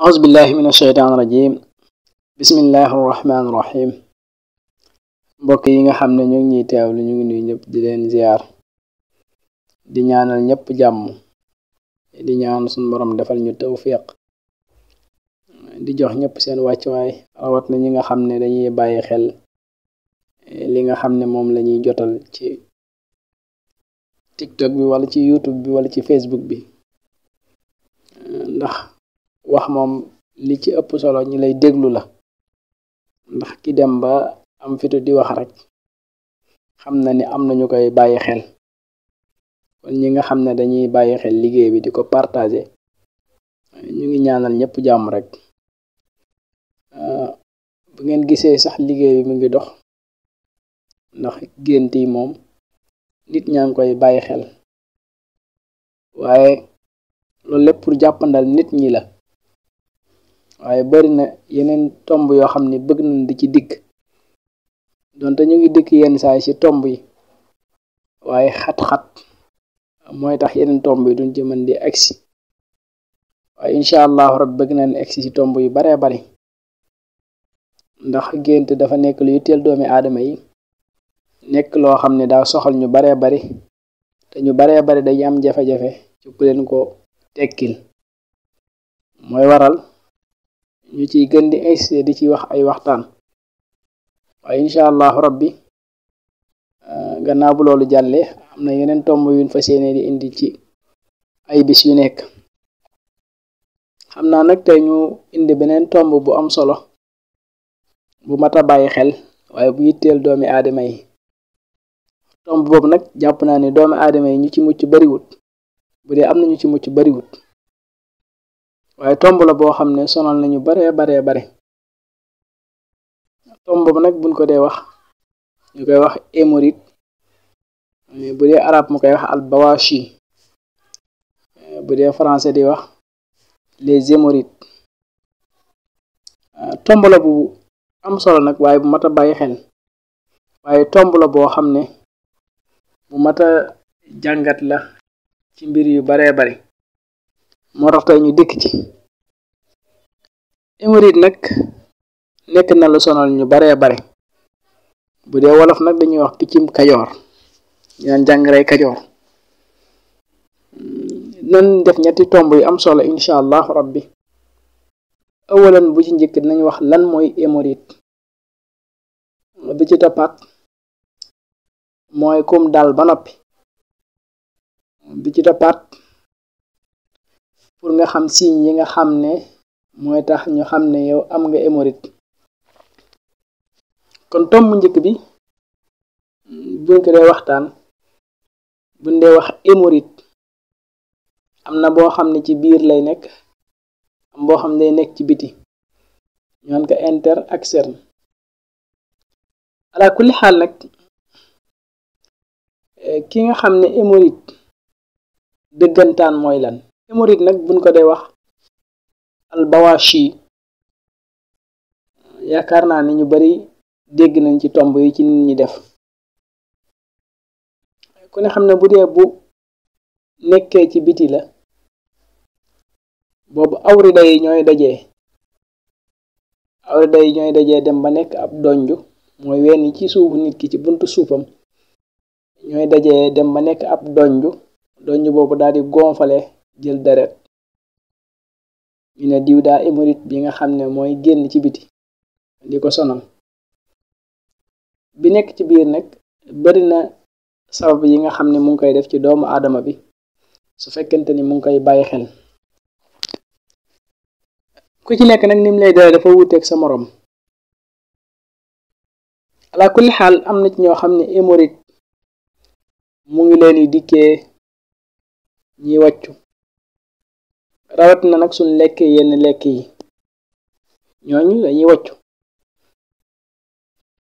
أعوذ بالله من الشيطان الرجيم بسم الله الرحمن الرحيم mbokk yi nga xam ne ñu ngi ñuy teewlu ñu ngi nuyu ñëpp di leen ziar di ñaanal ñëpp jàmm di ñaan suñu borom defal ñu tawfiq di jox ñëpp seen wàccuwaay rawat na ñi nga xam ne dañuy bàyyi xel eh, li nga xam ne moom lañuy jotal ci tiktok bi wala ci youtube bi wala ci facebook bi eh, ndax wax moom li ci ëpp solo ñi lay déglu la ndax ki dem ba am fitu di wax rek xam na ni am na ñu koy bàyyi xel kon ñi nga xam ne dañuy bàyyi xel liggéey bi di ko partager ñu ngi ñaanal ñëpp jàmm rek ah, bu ngeen gisee sax liggéey bi mu ngi dox ndax gént yi moom nit ñaa ngi koy bàyyi xel waaye loolu lépp jàppandal nit ñi la waaye bari na yeneen tomb yoo xam ne bëgg nañ di ci dikk donte ñu ngi dikk yenn saay ci tomb yi waaye xat-xat mooy tax yeneen tomb yi duñ ci di agsi waaye incha allahu rab bëgg nañ agsi ci tomb yu baree bari ndax gént dafa nekk lu yitteel doomi aadama yi nekk loo xam ne daa soxal ñu baree bari te ñu baree bari dañu am jafe-jafe ci ku ko tekkil mooy waral ñu ciy gën di insisté di ci wax ay waxtaan waaye incha allahu rabbi ah, gannaaw bu loolu jàllee am na yeneen tomb yuñ fa yéene di indi ci ay bis yu nekk xam naa nag tey ñu indi beneen tomb bu am solo bu mat a bàyyi xel waaye bu yitteel doomi aadama yi tomb boobu nag jàpp naa ni doomi aadama yi ñu ci mucc bariwut bu dee am na ñu ci mucc bariwut waaye tomb la boo xam ne sonal nañu baree baree bare tomb ba nag buñ ko dee wax ñu koy wax émorit bu dee arab mu koy wax albawashi bu dee français di wax les émorites ah, tomb la bu am solo nag waaye bu mat a bàyyi xel waaye tomb la boo xam ne bu mat a jàngat la ci mbir yu baree bari moo tax ñu dikk ci hémorroïde nag nekk na lu sonal ñu baree bare bu dee wolof nag dañuy wax piccim kajoor ñu naan jàngaray kajoor nan def ñetti tomb yu am solo incha allahu rabbi awalan bu ci njëkk dinañ wax lan mooy hémorroïde bi ci toppaat mooy kum dal ba noppi bi ci toppaat pour nga xam signe yi nga xam ne mooy tax ñu xam ne yow am nga hémorroïde kon tomb njëkk bi buñ ko dee waxtaan buñ dee wax hémorroïde am na boo xam ne ci biir lay nekk am boo xam ne day nekk ci biti ñoon ko interne ak externe ala kulli xaal nag eh, ki nga xam ne hémorroïde dëggantaan mooy lan hemorit nag buñ ko de wax albawashi yaakaar naa ni ñu bari dégg nañ ci tomb yi ci nit ñi def ku ne xam ne bu dee bu nekkee ci biti la boobu awrida yi ñooy dajee awrida yi ñooy dajee dem ba nekk ab donju mooy wenn ci suufu nit ki ci bunt suufam ñooy dajee dem ba nekk ab donju donju boobu daal di gonfalee jël deret ñu ne diw daa émorit bi nga xam ne mooy génn ci biti di ko sonal bi nekk ci biir nag bari na sabab yi nga xam ne mu ngi koy def ci doomu aadama bi su fekkente ni mu ngi koy bàyyi xel ku ci nekk nag nim lay dale dafa wuuteeg sa moroom ala kulli xaal am na ci ñoo xam ne émorit mu ngi leen di dikkee ñiy wàccu rawat na nag suñ lekkee yenn lekk yi ñooñu dañuy wàccu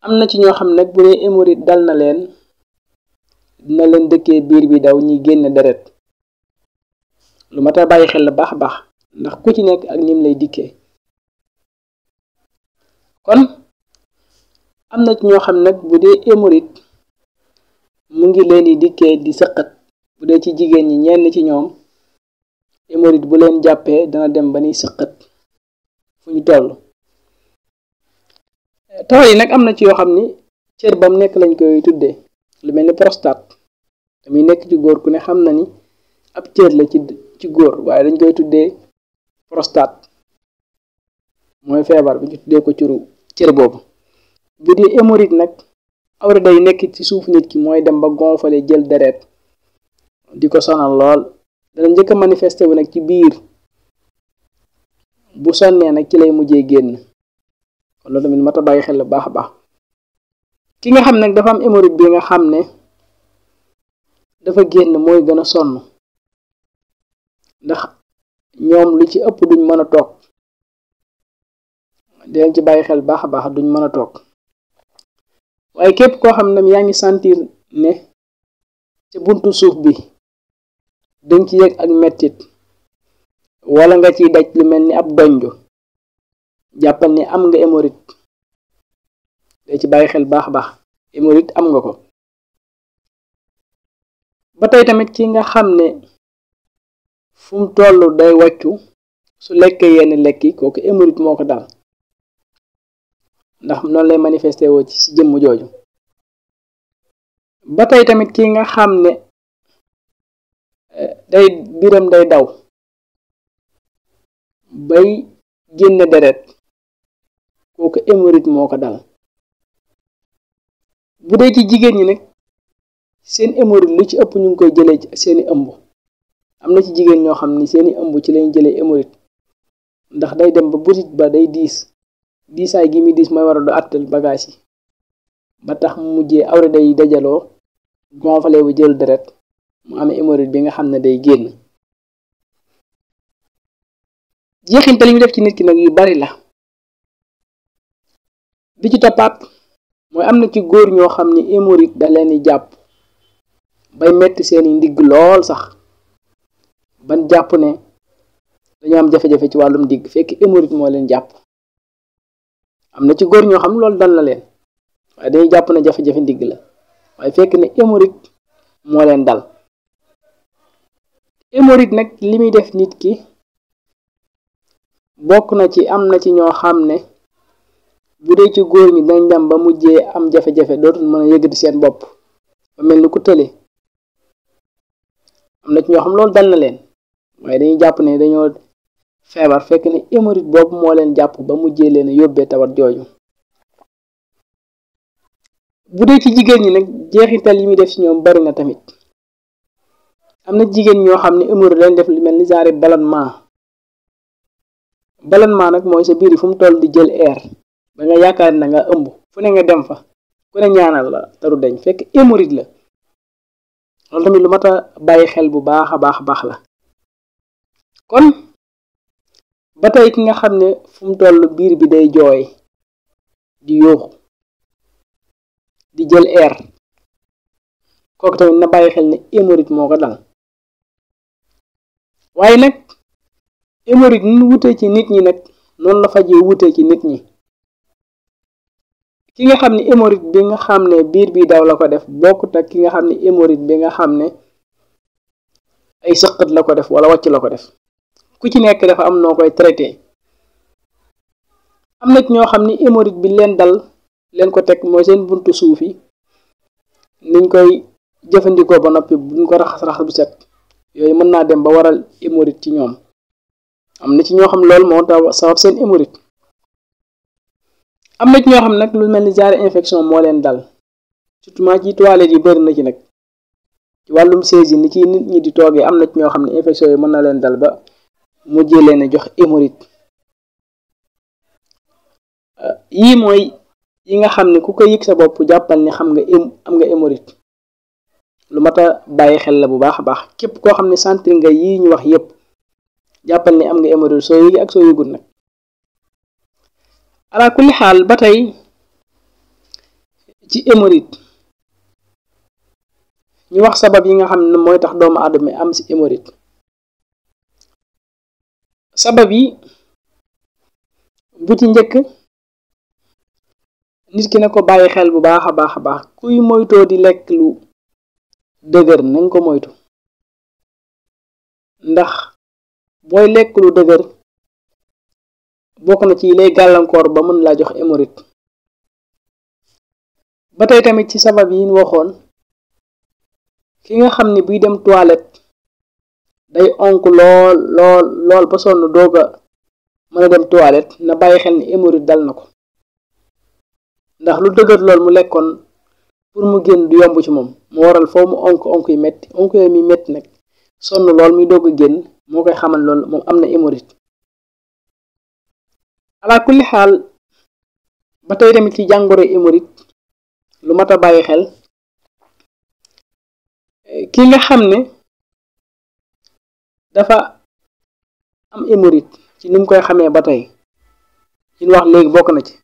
am na ci ñoo xam nag bu dee hémorroïde dal na leen dina leen dëkkee biir bi daw ñi génn deret lu mat a bàyyi xel la baax baax ndax ku ci nekk ak nim lay dikkee kon am na ci ñoo xam nag bu dee hémorroïde mu ngi leen di dikkee di sëqat bu dee ci jigéen ñi ñenn ci ñoom hémorroïde bu leen jàppee dana dem ba ni sëqat fu ñu toll tawat yi nag am na ci yoo xam ni cër bam nekk lañ koy tuddee lu mel ni prostate damuy nekk ci góor ku ne xam na ni ab cër la ci góor waaye dañ koy tuddee prostate mooy feebar bu ñu tuddee ko curu cër boobu bu dee hémorroïde nag awra day nekk ci suuf nit ki mooy dem ba gonfale jël deret di ko sonal lool dana njëkk a manifesté wu nag ci biir bu sonnee nag ci lay mujjee génn kon loolu tamit mat a bàyyi xel baax a baax ki nga xam nag dafa am hémorroïde bi nga xam ne dafa génn mooy gën a sonn ndax ñoom lu ci ëpp duñ mën a toog dinañ ci bàyyi xel baax a baax duñ mën a toog waaye képp koo xam ne yaa ngi sentir ne ca buntu suuf bi dañ ci yëg ak mettit wala nga ciy daj lu mel ni ab donju jàppal ni am nga hémorroïde day ci bàyyi xel baax baax hémorroïde am nga ko ba tey tamit ki nga xam ne fu tollu toll day wàccu su lekkee yenn lekki kooku hémorroïde moo ko daal ndax noonu lay manifesté woo ci si jëmm jooju ba tey tamit ki nga xam ne day biram day daw bay génne deret kooku hémorroïde moo ko dal bu dee ci jigéen ñi nag seen hémorroïde lu ci ëpp ñu ngi koy jëlee seeni ëmb am na ci jigéen ñoo xam ni seeni ëmb ci lañu jëlee hémorroïde ndax day dem ba butit ba day diis diisaay gi muy diis mooy war du àttal bagage yi ba tax mu mujjee awra day dajaloo gonfale bu jël deret mu am hémorroïde bi nga xam ne day génn jeexintal yu def ci nit ki nag yu bari la bi ci toppaat mooy am na ci góor ñoo xam ni hémorroïde da leen di jàpp bay metti seeni ndigg lool sax ban jàpp ne dañoo am jafe-jafe ci wàllum digg fekk hémorroïde moo leen jàpp am na ci góor ñoo xam loolu dal na leen jàpp ne jafe ndigg la waaye fekk ne hémorroïde moo leen dal hémorroïde nag li muy def nit ki bokk na ci am na ci ñoo xam ne bu dee ci góor ñi dañ dem ba mujjee am jafe-jafe dootul mën a yëgati seen bopp ba mel ni ku tële am na ci ñoo xam loolu dal na leen waaye dañuy jàpp ne dañoo feebar fekk ne hémorroïde boobu moo leen jàpp ba mujjee leen yóbbee tawat jooju bu dee ci jigéen ñi nag jeexital yi muy def ci ñoom bari na tamit am na jigéen ñoo xam ne hémorroïde lañ def lu mel ni genre ballonnement ballonnement nag mooy sa biir yi fu mu toll di jël air ba nga yaakaar na nga ëmb fu ne nga dem fa ku ne ñaanal la taru dañ fekk hémorroïde la loolu tamit lu mat a bàyyi xel bu baax a baax baax la kon ba tey ki nga xam ne fu mu toll biir bi day jooy di yóoxu di jël air kooku tamit na bàyyi xel ne hémorroïde moo ko dal waaye nag hémorroïde nu wutee ci nit ñi nag noonu la fajee wutee ci nit ñi ki nga xam ne hémorroïde bi nga xam ne biir bi daw la ko def bokkut ak ki nga xam ne hémorroïde bi nga xam ne ay sëqët la ko def wala wàcc la ko def ku ci nekk dafa am noo koy traité am nag ñoo xam ni hémorroïde bi leen dal leen ko teg mooy seen buntu suufi yi koy jëfandikoo ba noppi buñ ko raxas raxas bu set yooyu mën naa dem ba waral hémorroïde ci ñoom am na ci ñoo xam loolu moo tax sabab seen hémorroïde am na ci ñoo xam nag lu mel ni genre infection moo leen dal surtout maa ci toilette yi bëri na ci nag ci wàllum siège yi ni ci nit ñi di toogee am na ci ñoo xam ne infection yi mën na leen dal ba mujjee leen a jox hémorroïde yii mooy yi nga xam ne ku ko yëg sa bopp jàppal ni xam nga am nga hémorroïde lu mata a bàyyi xel la bu baax a baax képp koo xam ne sentir nga yii ñu wax yépp jàppal ni am nga hémorroïde soo yëgi ak soo yëgul nag ala xaal ba tey ci hémorroïde ñu wax sabab yi nga xam ne mooy tax doomu aadama am ci hémorroïde sabab yi bu ci njëkk nit ki na ko bàyyi xel bu baax a baax a baax kuy moytoo di lekk lu dëgër na nga ko moytu ndax booy lekk lu dëgër bokk na ci lay gàllankoor ba mën laa jox hémorroïde ba tey tamit ci sabab yi ñu waxoon ki nga xam ni buy dem toilette day onk lool lool lool ba sonn doog a mën a dem toilette na bàyyi xel ni hémorroïde dal na ko ndax lu dëgër lool mu lekkoon pour mu génn du yomb ci moom mu waral foo mu onk onk yi metti onk yooyu muy métti nag sonn lool muy dogg génn moo koy xaman loolu moom am na hémorroïde ala kulli xaal ba tey tamit ci jàngoro hémorroïde lu mat a bàyyi xel ki nga xam ne dafa am hémorroïde ci ni koy xamee ba tey li ñu wax léegi bokk na ci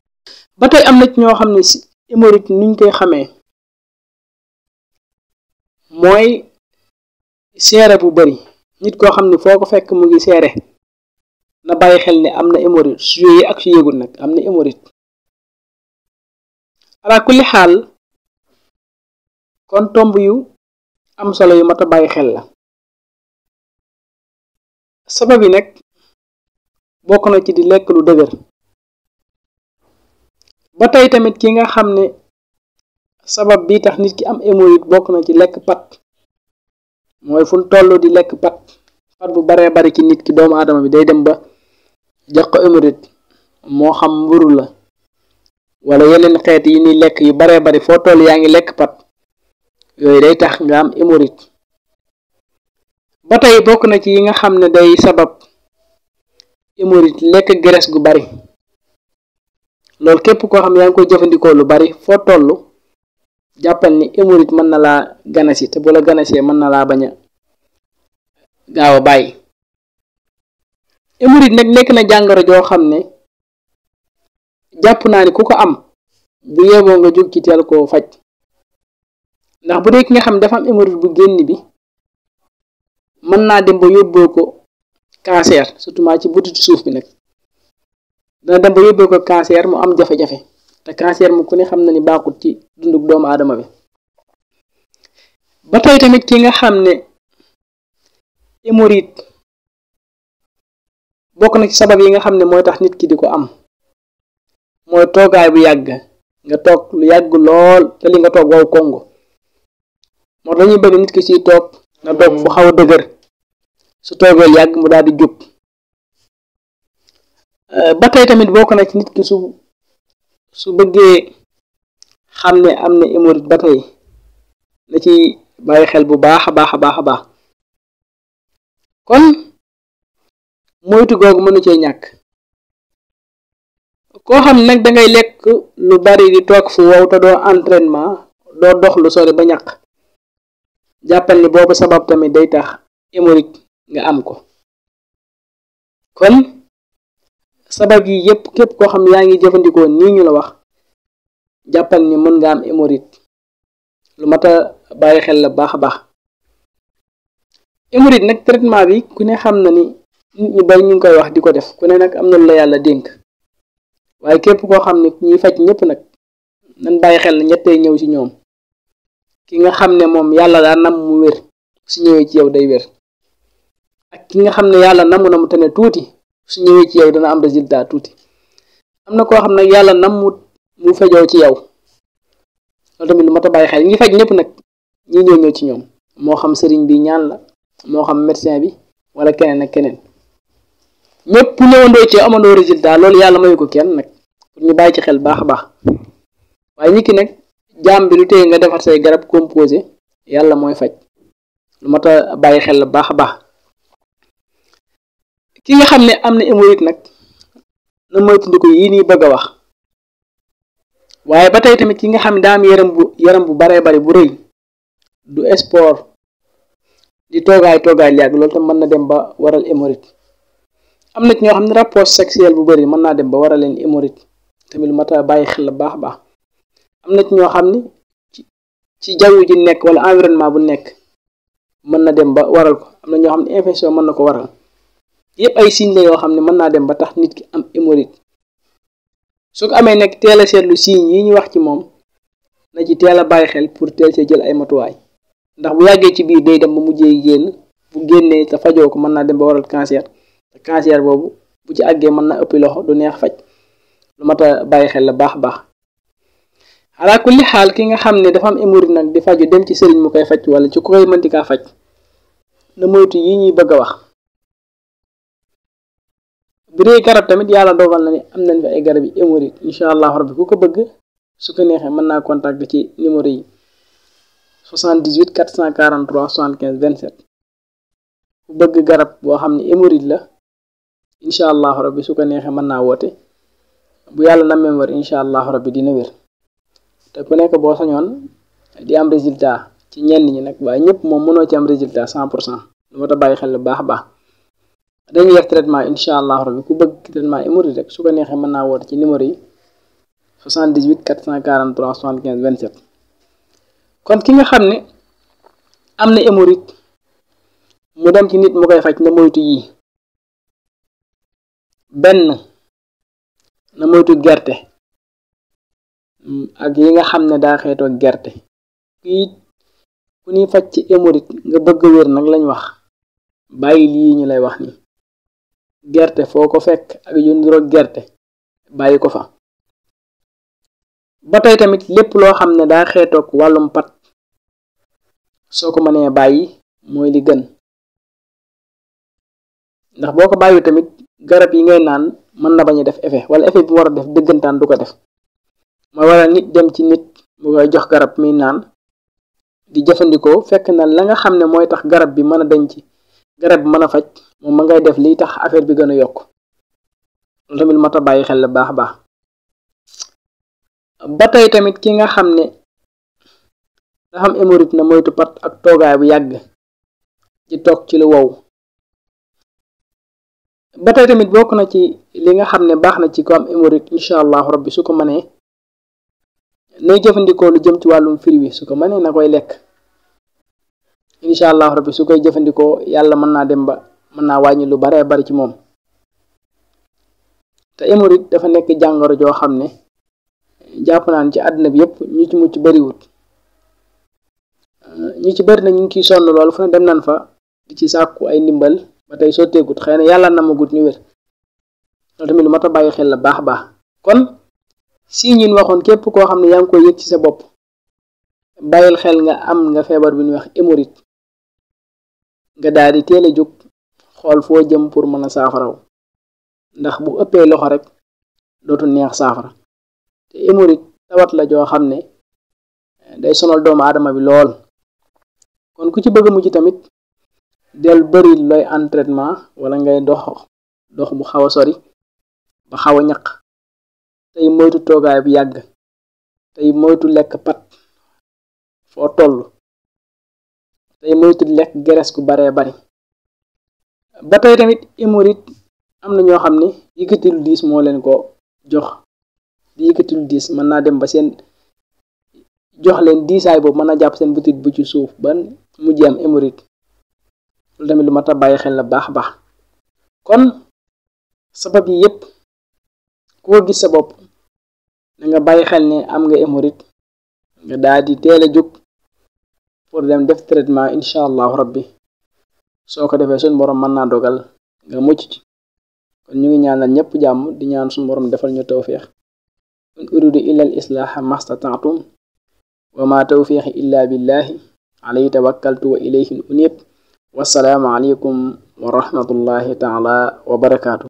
ba tey am na ci ñoo xam ne si hémorroïde koy xamee mooy seere bu bari nit koo xam ne foo ko fekk mu ngi seere na bàyyi xel ne am na hémorroïde su yooyu ak su yëgul nag am na hémorroïde ala kulli xaal kon tomb yu am solo yu mata bàyyi xel la sabab yi nag bokk na ci di lekk lu dëgër ba tey tamit ki nga xam ne sabab bi tax nit ki am hémorroïde bokk na ci lekk pat mooy fu toll di lekk pat pat bu baree bari ci nit ki doomu aadama bi day dem ba jox ko hémorroïde moo xam mburu la wala yeneen xeet yi ni lekk yu baree bari foo toll yaa ngi lekk pat yooyu day tax nga am hémorroïde ba tey bokk na ci yi nga xam ne day sabab hémorroïde lekk graisse gu bari loolu képp koo xam yaa ngi koy jëfandikoo lu bari foo toll jàppal ni hémorroïde mën na laa ganasi te bu la ganasee mën na laa bañ a gaaw a bàyyi hémorroïde nag nekk na jàngoro joo xam ne jàpp naa ne ku ko am bu yeeboo nga jóg ci teel koo faj ndax bu dee ki nga xam ne dafa am hémorroïde bu génn bi mën naa dem ba yóbboo ko cancer surtout maa ci butitu suuf bi nag dana dem ba yóbboo ko cancer mu am jafe-jafe te cancer mu ku ne xam na ni baaxut ci dundug doomu aadama bi ba tey tamit ki nga xam ne hémorroïde bokk na ci sabab yi nga xam ne mooy tax nit ki di ko am mooy toogaay bu yàgg nga toog lu yàgg lool te li nga toog wow kongo moo dañuy bëgg nit ki siy toog na toog fu xaw a dëgër su toogee yàgg mu daal di jub ba tey tamit bokk na ci nit ki su su bëggee xam ne am na hémorroïde ba tey na ci bàyyi xel bu baax a baax a baax a baax kon moytu googu mënu cee ñàkk koo xam nag dangay lekk lu bari di toog fu wow te doo entraînement doo dox lu sore ba ñàkk jàppal ni boobu sabab tamit day tax hémorroïde nga am ko kon sabab yi yépp képp koo xam ne yaa ngi jëfandikoo nii ñu la wax jàppal ni mën nga am hémorroïde lu mat a bàyyi xel la baax a baax hémorroïde nag traitement bi ku ne xam na ni nit ñu bari ñu ngi koy wax di ko def ku ne nag am na lu la yàlla dénk waaye képp koo xam ne ñuy faj ñépp nag nan bàyyi xel na ñettee ñëw ci ñoom ki nga xam ne moom yàlla daa nam mu wér su ñëwee ci yow day wér ak ki nga xam ne yàlla namu na mu tane tuuti su ñëwee ci yow dana am résultat tuuti am na koo xam nag yàlla nam mu mu fejoo ci yow loolu tamit lu mat a bàyyi xel ngi faj ñépp nag ñi ñoo ñëw ci ñoom moo xam sëriñ bi ñaan la moo xam médecin bi wala keneen ak keneen ñëpp ñëwandoo ci amandoo résultat loolu yàlla mayu ko kenn nag pour ñu bàyyi ci xel baax a baax waaye nit ki nag jaam bi lu tey nga defar say garab composé yàlla mooy faj lu mat a bàyyi xel la baax a baax ki nga xam ne am na hémorroïde nag na moytandiku yii nii bëgg a wax waaye ba tey tamit ki nga xam ne daa am yaram bu yaram bu baree bari bu rëy du sport di toogaay toogaay yàgg loolu tam mën na dem ba waral hémorroïde am na ci ñoo xam ne rapport bu bëri mën naa dem ba waral leen hémorroïde tamit lu mat a bàyyi xel la baax baax am na ci ñoo xam ne ci ci jaww ji nekk wala environnement bu nekk mën na dem ba waral ko am na ñoo xam ne infection mën na ko waral. yépp ay signes la yoo xam ne mën naa dem ba tax nit ki am hémorroïde su ko amee nag teel a seetlu signes yi ñu wax ci moom na ci teel a bàyyi xel pour teel see jël ay matuwaay ndax bu yàggee ci biir day dem ba mujjee génn bu génnee te fajoo ko mën naa dem ba waral cancer te cancer boobu bu ci àggee mën naa ëpp loxo du neex faj lu mat a bàyyi xel la baax baax ala kulli xaal ki nga xam ne dafa am hémorroïde nag di faju dem ci sëriñ mu koy faj wala ci ku koy mënti kaa faj na moytu yi ñuy bëgg a wax. bu dee garab tamit yàlla dogal na ni am nañ fi ay garab yi hémorroïde incha allah rabbi ku ko bëgg su ko neexee mën naa contacter ci numéro yi 78 443 75 27 ku bëgg garab boo xam ne hémorroïde la incha allah rabbi su ko neexee mën naa woote bu yàlla na mem wér incha allah rabbi dina wér te ku nekk boo ñoon di am résultat ci ñenn ñi nag waaye ñëpp moom mënoo ci am résultat cent pour cent lu ma ta bàyyi xel baax a baax. dañuy def traitement incha allahu rabi ku bëgg traitement hémorroïde rek su ko neexee mën naa woote ci numéro yi 78 443 75 27 kon ki nga xam ne am na hémorroïde mu dem ci nit mu koy faj na moytu yii benn na moytu gerte mm, ak yi nga xam ne daa xeetoo gerte kii ku ñuy faj ci hémorroïde nga bëgg a wér nag lañ wax bàyyi lii ñu lay wax nii gerte foo ko fekk ak yu niroog gerte bàyyi ko fa ba tey tamit lépp loo xam ne daa xeetoog wàllum pat soo ko mënee bàyyi mooy li gën ndax boo ko bàyyi tamit garab yi ngay naan mën na bañ a def effet wala effet bi war a def dëggantaan du ko def mooy wala nit dem ci nit mu koy jox garab muy naan di jëfandikoo fekk na la nga xam ne mooy tax garab bi mën a denc garab mën a faj moom ma ngay def liy tax affaire bi gën a yokk loolu tamit mat a bàyyi xel la baax baax ba tey tamit ki nga xam ne nga xam hémorroïde na moytu pat ak toogaay bu yàgg ci toog ci lu wow ba tey tamit bokk na ci li nga xam ne baax na ci ko am hémorroïde incha allahu rabbi su ko mënee nay jëfandikoo lu jëm ci wàllum firi su ko mënee na koy lekk inshallah allah rabbi su koy jëfëndiko yalla mën na dem ba mën na wañu lu bare bare ci mom te hémorroïde dafa nek jangoro jo xamne japp naan ci aduna bi yépp ñu ci mucc wut euh, ñu ci bari na ñu ngi ciy sonn lool fu ne dem nañ fa di ci sakku ay ndimbal ba na yàlla namagut ñu wër loolu tamit lu mata bayyi xel la baax kon si ñun waxon kep ko xamne yang koy yek ci sa bop bayil xel nga am nga febar bi ñu wax emorite nga daal di teel a jóg xool foo jëm pour mën a saafaraw ndax bu ëppee loxo rek dootu neex saafara te hémorroïde tawat la joo xam ne eh, day sonal doomu aadama bi lool kon ku ci bëgg mu ci tamit del bëri looy entraînement wala ngay dox dox bu xaw a sori ba xaw a ñaq tey moytu toogaay bu yàgg tey moytu lekk pat foo toll tey moytu lekk gerees gu baree bari ba tey tamit hémorroïde am na ñoo xam ne yëkkati diis moo leen ko jox di yëkkati diis mën naa dem ba seen jox leen diisaay boobu mën naa jàpp seen butit bu ci suuf ba mujj am hémorroïde loolu tamit lu mat a bàyyi xel la baax baax kon sabab yi yépp koo gis sa bopp da nga bàyyi xel ne am nga hémorroïde nga daal di teel a jóg pour dem def traitement incha allahu rabbi soo ko defee suñ borom man naa dogal nga mucc ci ñu ngi ñaanal ñëpp jàmm di ñaan suñ mborom defal ñu tawfiix in uridu illa al islaaha mastataatum wa ma tawfiixi illa billahi alayhi tawakkaltu wa ilayhi unib wassalaamu aleykum wa rahmatullahi taala wa barakaatu